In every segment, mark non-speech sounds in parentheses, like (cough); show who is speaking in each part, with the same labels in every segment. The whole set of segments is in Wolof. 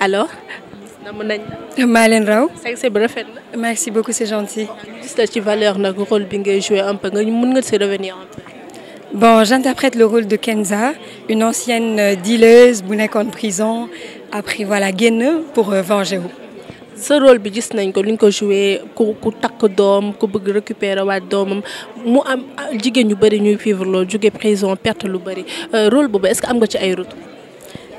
Speaker 1: alors. namm nañ la. maa raw. sañse bi rafet na. merci beaucoup c'est gentil. gis la ci valeur nag rôle bi ngay jouer un peu nga mën nga si revenir un peu.
Speaker 2: bon j'interprète le rôle de Kenza une ancienne euh, dealeuse bu nekkoon prison après voilà
Speaker 1: génn pour euh, venger wu. sa rôle bi gis nañ ko li nga ko joué ku ku takk doom ku bëgg récupérer waat doomam mu am ah, jigéen ñu bari ñuy vivre loolu jóge prison perte lu bëri euh, rôle boobu est-ce que am nga ci ay retours.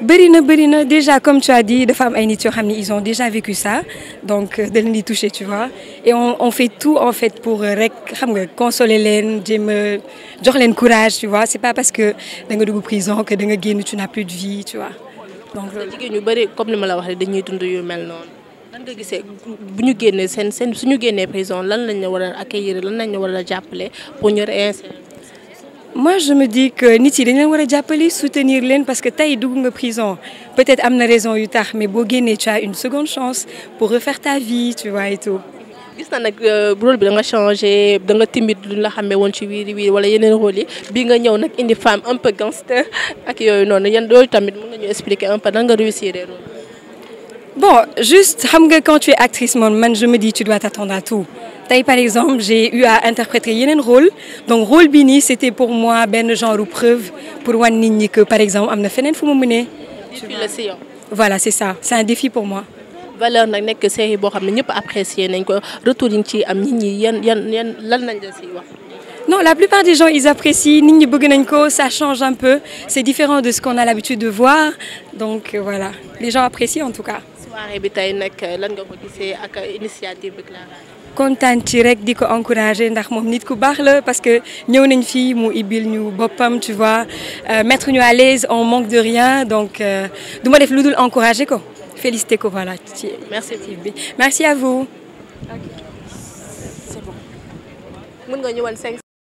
Speaker 1: bëri na bëri na déjà comme tu as dit
Speaker 2: dafa ay nit yoo xam ne ils ont déjà vécu ça donc euh, da leen di touché tu vois et on on fait tout en fait pour euh, rek xam nga consoler leen jox leen courage tu vois c'est pas parce
Speaker 1: que da nga dugg prison que da nga génn tu na plus de vie tu vois donc euh, jigéen ñu bari comme ni ma la waxee dañuy dund yu mel noonu lan nga gisee bu ñu génnee seen seen suñu génnee prison lan lañ la war a accueillir lan la war a jàppale pour ñu réinsérer moi je me dis que
Speaker 2: nit yi dañ leen war a jàppale soutenir leen parce que tey dugg nga prison peut-être am na raison yu tax mais boo génnee tu as une seconde chance pour refaire ta vie tu vois et tout.
Speaker 1: gis na nag euh, rôle bi da nga changé da timide lu la xamee woon ci wiiri wiiri wala yeneen rôle yi bii nga ñëw nag indi femme un peu gangster (laughs) ak yooyu noonu yan yooyu tamit mën nga ñu expliqué un peu nan nga réussir rôle.
Speaker 2: bon juste xam nga quand tu es actrice man man je me dis tu tey par exemple j'ai eu à interpréter yeneen rôle donc rôle bi nii c'était pour moi benn genre preuve
Speaker 1: pour wan nit ñi que par exemple am na feneen fu mu mënee. voilà c'est ça c'est un défi pour moi. valeur nag nekk série boo xam ne ñëpp apprécier nañ ko retour yi ñu ciy am nit ñi yan yan yan lan lañ la siy wax.
Speaker 2: non la plupart des gens ils apprécient nit ñi bëgg nañ ko ça change un peu c'est différent de ce qu'on a l'habitude de voir donc euh, voilà les gens apprécient en
Speaker 1: tout cas. soirée bi tey nag lan nga ko gisee ak initiative bi Clara.
Speaker 2: kontaan ci rek di ko encourager ndax moom nit ku baax la parce que ñëw nañ fii mu ibil ñu boppam tu vois euh, mettre ñu à l'aise on manque de rien donc euh, du ma def lu dul encourager ko féliciter ko voilà ci merci bi merci à vous.